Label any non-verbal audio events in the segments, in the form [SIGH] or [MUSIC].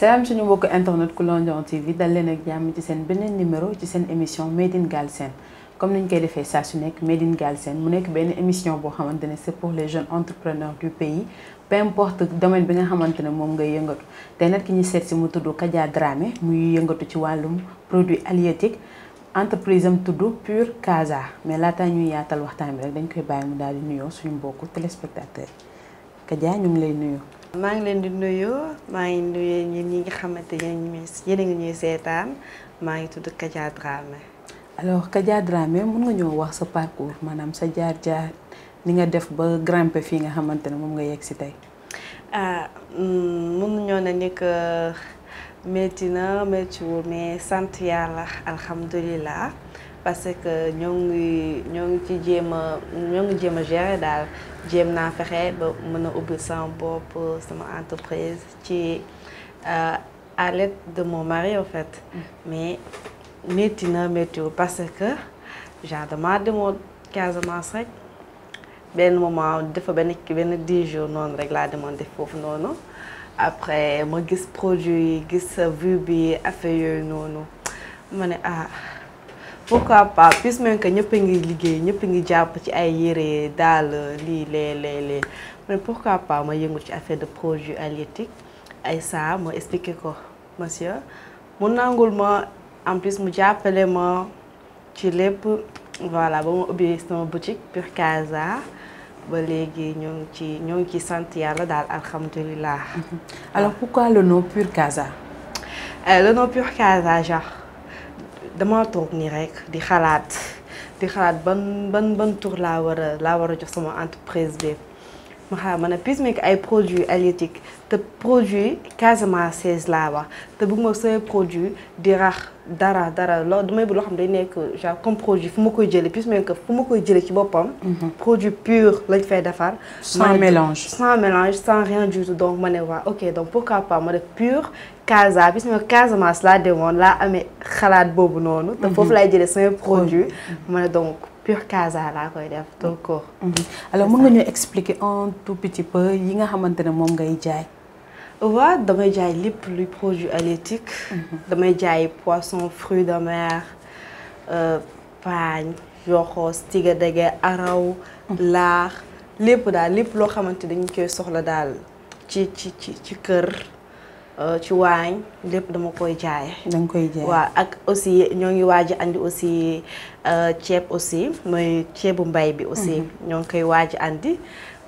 salaam suñu mbokk internet Kulanjan TV dal leen ak jàmm ci sen benen numéro ci sen émission Made in Galsen comme niñ koy defee sa su nek Made in Galsen mu nek ben émission bo xamante c'est pour les jeunes entrepreneurs du pays peu importe domaine bi nga xamante mom moom ngay yëngatu te nag ki ñi seet si mu tuddu Kadia Dramé muy yëngatu ci walum produit halieutique entreprise am tuddu Pure Casa mais laata ñuy yaatal waxtaan bi rek dañ koy bàyyi mu daal di nuyoo suñu mbokku téléspectateur Kadia ñu ngi lay nuyu. maa ngi leen di nuyu maa ngi nuyu ñun ñi nga xamante ne yéen a ngi ñuy seetaan maa ngi tudd Kadia Dramé. alors Kadia Dramé mun nga ñoo wax sa parcours maanaam sa jaar-jaar ni nga def ba grimpé fii nga xamante ne moom nga yegg si tey. ah mm, mun ñoo ne ni que na méttiwul mais sant yàlla alhamdulilah. parce que ñoo ngi ñoo ngi ci jéem a ñoo gérer dal jéem na fexé ba mëna ubbi sama bopp sama entreprise ci euh, à l'aide de mon mari en fait. Mm. mais métti na méttiwul parce que genre dama demoo Casamance rek ben moment dafa ben ben 10 jours non rek la demandé fofu non après ma gis produit gis vu bi affaire non non mané ah pourquoi pas plus même que ñëpp a ngi liggéey ñëpp a ngi jàpp ci ay yéré dal li lé lé lé mais pourquoi pas ma yëngu ci affaire de produits halieutiques ay sa mo expliquer ko monsieur mu nangul ma en plus mu jappelé ma ci lépp voilà ba ma ubbi sama boutique pur Casa ba légui ñoo ci ñoo ci sante yalla dal alhamdoulillah alors pourquoi le nom pur Casa. Euh, le nom pur Casa genre. dama toog nii rek di xalaat di xalaat ban ban ban tour laa war a laa war a jox sama entreprise bi ma xam ne ay produit halieutiques te produit casamançaise laa wax te bu ma say produit di dara dara loo damay bu loo xam day nekk j'ai comme produit fu ma koy jëlee Peacemaker fu ma koy jëlee ci mhm. produit pur lañ fay defar. sans mélange sans mélange sans rien du tout donc ma ne ok donc pourquoi pas ma def pur casa Peacemaker Casamance laa demoon laa amee xalaat boobu noonu. te mhm. foofu laay c'est un produit ma donc pur casa la koy def tout court. Mm-hmm. alors mën nga ñu expliquer un tout petit peu yi nga xamantene ne moom ngay jaay. waaw damay jaay lépp luy produit halieutique. Mm-hmm. damay jaay poisson fruits de mer euh, paañ yoxoos tiga dege araw. Mm-hmm. laax lépp daal lépp loo xamante dañ koy soxla daal ci ci ci ci kër. Euh, ci waañ lépp dama koy jaaye danga koy jaay waaw ak aussi ñoo ngi andi aussi euh, ceeb aussi mooy ceebu mbay bi aussi mhm. ñoo ngi koy waaj andi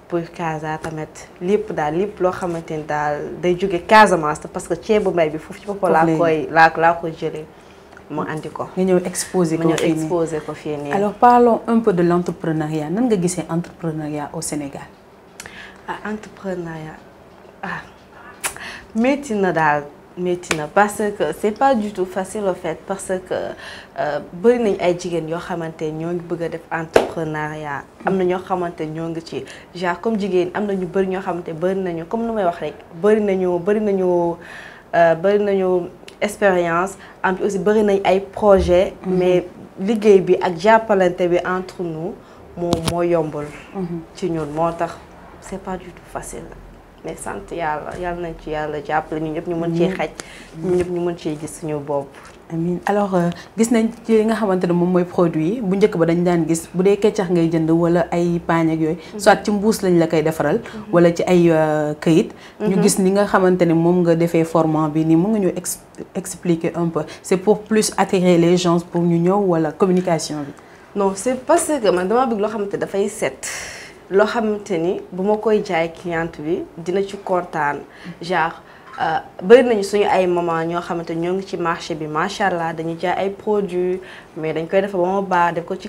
pour Casa tamet, lépp daal lépp lo xamante dal daal day jóge Casamance parce que ceebu mbay bi fofu ci boppam laa koy la laa koy jëlee mo andi ko. ñeu exposer ko fini nii ko fii alors parlons un peu de l'entrepreneuriat nan nga gisee entrepreneuriat au Sénégal. ah entrepreneuriat ah métti na daal parce que c'est pas du tout facile en fait parce que euh, bëri nañ ay jigéen yoo xamante ñoo ngi bëgg def entrepreneuriat am na ñoo xamante ñoo ngi ci genre comme jigéen am na ñu bëri ñoo xamante bëri nañu comme nu may wax rek bëri nañu bëri nañu euh, bëri nañu expérience am aussi bëri nañ ay projet mhm. mais liggéey bi ak jàppalante bi entre nous moom moo yombal mhm. ci ñun moo tax c'est pas du tout facile mais sant yalla yalla na ci yalla jàppale ñu ñëpp ñu mën ci xaj. ñu ñëpp ñu mën ci gis suñu bop amin alors euh, gis nañ ci nga xamante mom moy produit bu njëkk ba dañ daan gis bu dee keccax ngay jënd wala ay pañ ak yoy mhm. soit ci mbuus lañ la kay defaral. Mhm. wala ci ay euh, kayit ñu mhm. gis ni nga xamante mom nga défé format bi ni mu nga ñu expliquer un peu c'est pour plus attirer les gens pour ñu ñëw wala communication bi. non c'est parce que man dama bëgg loo da fay set lo xamanteni buma koy jaay client bi dina ci kontaan genre euh, bëri nañu suñu ay maman ñoo xamanteni ñoo ngi ci marché bi machallah dañu jaay ay produits mais dañ koy ba def ko ci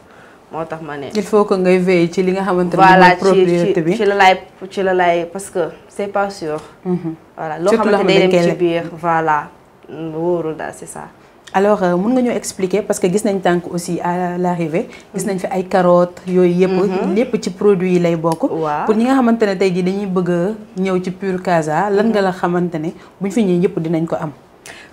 moo tax ma il faut que ngay veiller ci li nga xamante ne propriété bi voilà ci ci la lay ci la laay parce que c'est pas sûr. Mhm. voilà lo xamante day dem ci biir voilà wourul da c'est ça. alors euh, mun nga ñoo expliquer parce que gis nañ tank aussi à l'arrivée gis nañ fi ay carottes yooyu yëpp mhm. lépp ci produit yi lay bokk pour ñi nga xamante ne tey jii dañuy bëgg a ñëw ci Pure Casa lan nga la xamante ne buñ fi ñëw yëpp dinañ ko am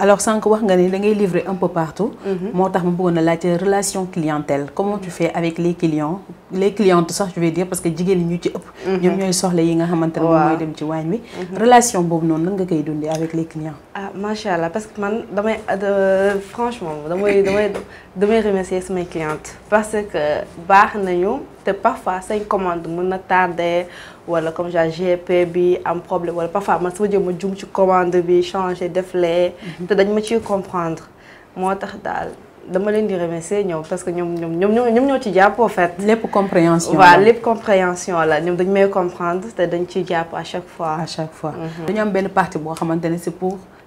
alors sans wax nga un peu partout. Mhm. relation clientèle comment tu fais avec les clients les clientes ça je veux dire parce que mhm. les mhm. relation avec les clients. ah parce que euh, franchement je remercie mes remercier clientes. parce que baax nañu te parfois commande mon wala comme j'ai GP bi am problème wala parfois man sama jëm ma jum ci commande bi changer def lee mhm. Tu dañ ma ciy comprendre Moi, tax daal dama len di remercier ñoom parce que ñom ñom ñom ñom ñoo ci jàpp en fait. lépp compréhension Voilà, waaw lépp compréhension la ñom dañ may comprendre te dañ ci jàpp à chaque fois. à chaque fois mhm. dañu am ben partie bo xamante c'est pour.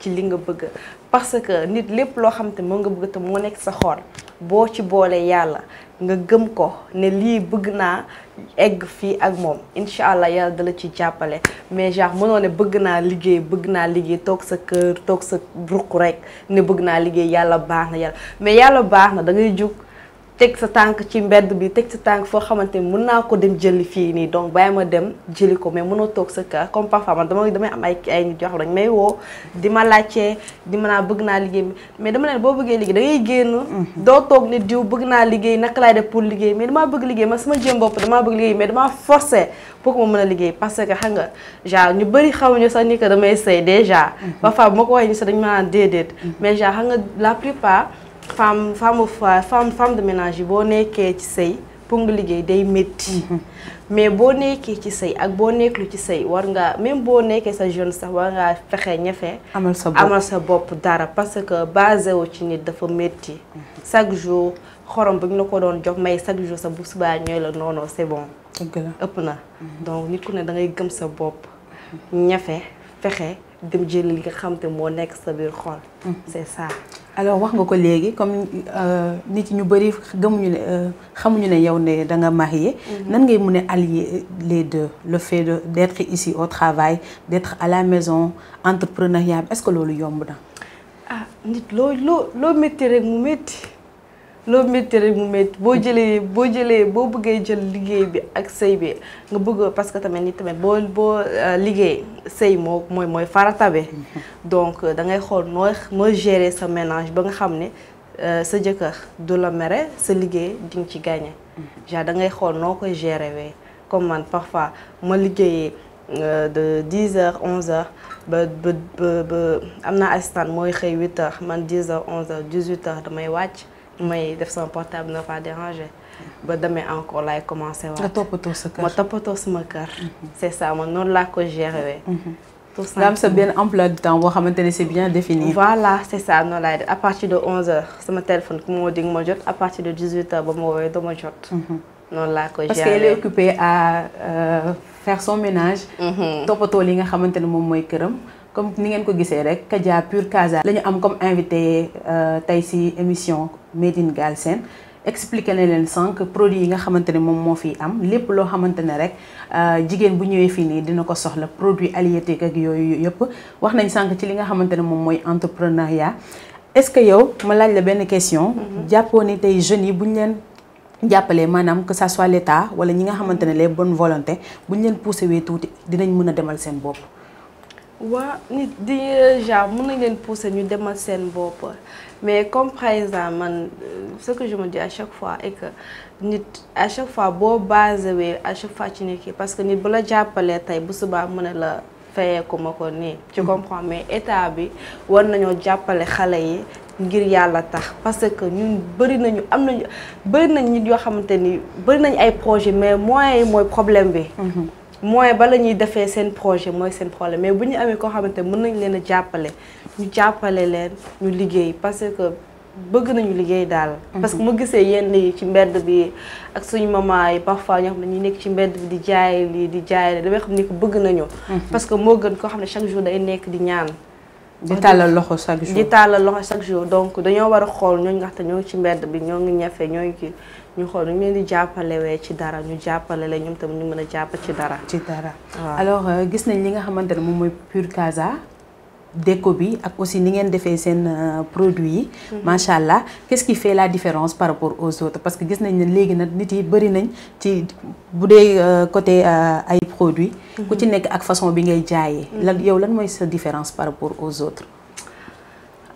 ci li nga bëgg parce que nit lépp loo xam te moo nga bëgg te moo nekk sa xol boo ci boolee yàlla nga gëm ko ne lii bëgg naa egg fii ak moom incha allah yàlla dala ci jàppale mais genre mënoo ne bëgg naa liggéey bëgg naa liggéey toog sa kër toog sa ruq rek ne bëgg naa liggéey yàlla baax na yàlla mais yàlla baax na da ngay teg sa tànk ci mbedd bi teg sa tànk foo xamante ni mën naa ko dem jëli fii nii donc bàyyi ma dem jëli ko mais mënoo toog sa kër comme parfois man dama damay am ay woo di ma laajte di ma naa bëgg naa liggéey mais dama leen boo bëggee liggéey da ngay génn mhm. doo toog ne bëgg naa liggéey naka laay def pour liggéey mais damaa bëgg liggéey man sama jëm bopp damaa bëgg liggéey mais damaa forcé pour que ma mën a liggéey parce que xam nga genre ñu bëri xamuñu sax ni que damay say déjà mhm. parfois bu ma ko waxee ñu sax dañu ma naan déedéet mhm. mais genre xam nga la plupart fem femme fa femme femme de ménage boo nekkee ci sëy pour nga liggéey day métti. Mhm. mais boo nekkee ci sëy ak boo nekklu ci sëy war nga même boo nekkee sa jeune sax war ngaa fexe ñefe. amal sa bopp amal sa bopp dara parce que basé wu ci nit dafa métti. Mhm. chaque jour xorom bi ñu la ko doon jox may chaque jour sa bu subaa ñooy la non non c'est ëpp na mhm. donc nit ku ne da ngay gëm sa bopp. ñefe fexe dem jëli li nga xam te moo nekk sa biir xol. c'est ça. alors wax nga ko léegi comme euh, nit ñu bëri gëmuñu ne euh, xamuñu ne yow ne da nga marié mhm. nan ngay mën a allier les deux le fait d'être ici au travail d'être à la maison entrepreneuriat est ce que loolu yomb na ah nit loo loo loo rek mu métti lo metti rek mu métti boo jëlee boo jëlee boo bëggee jël liggéey bi ak sey bi nga bëgg parce que tamit ni tamit bo bo euh, liggéey sey mo moy moy farata [LAUGHS] donc euh, da ngay xol nooy mooy gérer sa ménage ba nga xamné ne euh, sa jëkkër du la mere sa liggéey di nga ci gagner ja mm-hmm. da ngay xol noo gérer wé comme man parfois ma liggéeyee de 10 h 11 h ba ba ba am naa assistant mooy xëy 8 heures man 10 h 11 h 18 h damay wacc may def son portable va pas déranger ba demee encore là, commencé waat. nga toppatoo sa kër ma toppatoo sama kër. c'est ça man noonu que ko géré. Mhm. tout ça nga am de temps boo xamante c'est bien défini. voilà c'est ça non, laay à partir de 11h mon téléphone ku ma dit di jot à partir de 18h ba ma woowee dama jot. Mhm. Non, laa ko géré parce qu'elle est occupée à euh, faire son ménage. Mhm. toppatoo li nga xamante ne moom mooy këram. comme ni ngeen ko gisee rek kadia Pur Casa la am comme invité euh, tay si émission Made in Galsen expliquer na leen sank produit yi nga xamantene mom mo fi am lepp lo xamantene rek rek euh, jigen bu ñewé fi ni dina ko soxla produit halieutique ak yooyu yëpp wax nañ sank ci li nga xamantene mom moy entrepreneuriat est-ce que yow ma laaj la ben question mm-hmm. jàppoo ni tey jeunes yi buñ ñu leen jàppale maanaam que ça soit l'état wala ñi nga xamantene les bonnes volontés buñ leen poussé wee tuuti dinañ mën a demal seen bopp wa, nit di euh, genre mën nañ leen pousser ñu demal seen bopp mais comme par man euh, ce que je me dis à chaque fois est que nit à chaque fois boo basé wee à chaque fois ci nit ki parce que nit bu la jàppalee tey bu subaa mën a la fayeeku ma ko nii tu mhm. comprends mais état bi war nañoo jàppale xale yi ngir yàlla tax parce que ñun bëri nañu am nañu bëri nañ nit yoo xamante ni bëri nañ ay projet mais moyens yi mooy problème bi mhm moy ba la ñuy defee seen projet moy sen problème mais buñu amé ko xamanté xamante mën nañ leen a ñu jappalé leen ñu liggéey parce que bëgg nañu liggéey dal mhm. parce que mu gisee yenn yi ci mbedd bi ak suñu maman yi parfois ñu xam ne nekk ci mbedd bi di jaay li di jaay lii damay xam ko bëgg nañu. Mhm. parce que mo gën ko xamné chaque jour day nekk di ñaan. di tàllal loxo chaque jour di tàllal loxo chaque jour donc dañoo war a xool ñooñu nga xam ñoo ngi ci mbedd bi ñoo ngi ñafe ñoo ngi kii ñu xool ñu leen di jàppalewee ci dara ñu jàppale la ñoom tamit ñu mën a jàpp ci dara. ci dara alors euh, gis nañ li nga xamante ne moom mooy Pur Casa. déco bi ak aussi ni ngeen défé sen euh, produit mhm. machallah qu'est-ce qui fait la différence par rapport aux autres parce que gis nañ ne nak nit yi bari nañ ci bu euh, côté euh, ay produits. Mhm. ku ci nek ak façon bi ngay jaayee. Mhm. yow lan moy sa différence par rapport aux autres.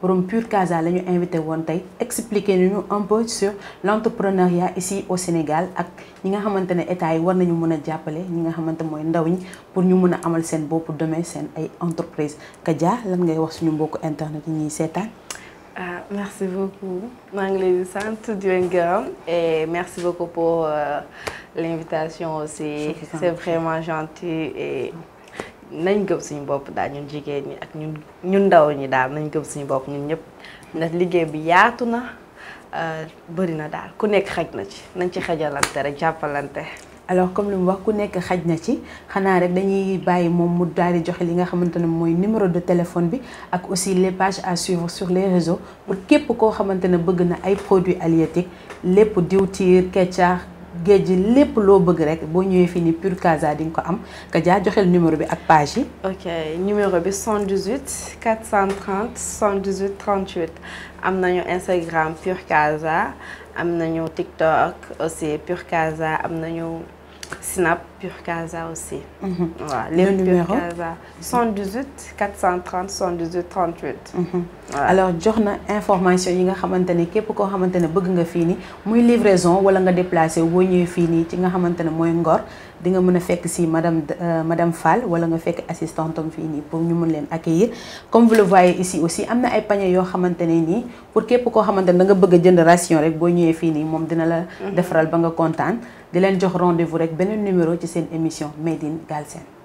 borom Pur Casa la ñu invité woon expliquez expliquer un peu sur l'entrepreneuriat ici au Sénégal ak ñi nga xamante état war nañu mën a jàppale ñi nga xamante pour ñu mën amal seen pour demain sen ay entreprise Kadia lan ngay wax suñu mbokku internet ah merci beaucoup maa ngi leen di et merci beaucoup pour euh, l'invitation aussi. C'est vraiment gentil et. nañ gëm suñu bopp daal ñun jigéen ñi ak ñun ñun ndaw ñi daal nañ gëm suñu bopp ñun ñëpp ndax liggéey bi yaatu na euh, bëri na daal ku nekk xaj na ci nañ ci xajalante rek jàppalante. alors comme li mu wax ku nekk xaj na ci xanaa rek dañuy bàyyi moom mu daal di joxe li nga xamante ne mooy numéro de téléphone bi ak aussi les pages à suivre sur les réseaux pour képp koo xamante ne bëgg na ay produits alietique lépp diwtiir keccaax. Il y a loo bëgg rek boo ñëwee fii Casa di ko am ka joxel numéro bi ak page yi. ok numéro bi 118 430 118 38 am Instagram pur Casa am TikTok aussi pur Casa am Snap Pure aussi. Mhm. Voilà, les le numéro 118 430 118 38. alors il y vous savez, nga xamante ne képp vous xamante ne fini, vous fii nii livraison wala nga déplacé vous ñëwee fini, nii ci nga xamante di nga mën a fekk si madam madame euh, madam Fall wala nga fekk assistante am fii nii pour ñu mën leen accueillir comme vous le ici aussi am na ay pañe yoo xamante ne nii pour képp koo xamante ne da nga bëgg a jënd ration rek boo ñëwee fii nii moom dina la mhm. defaral ba nga kontaan di leen jox rendez-vous rek beneen numéro ci seen émission Made di Galsen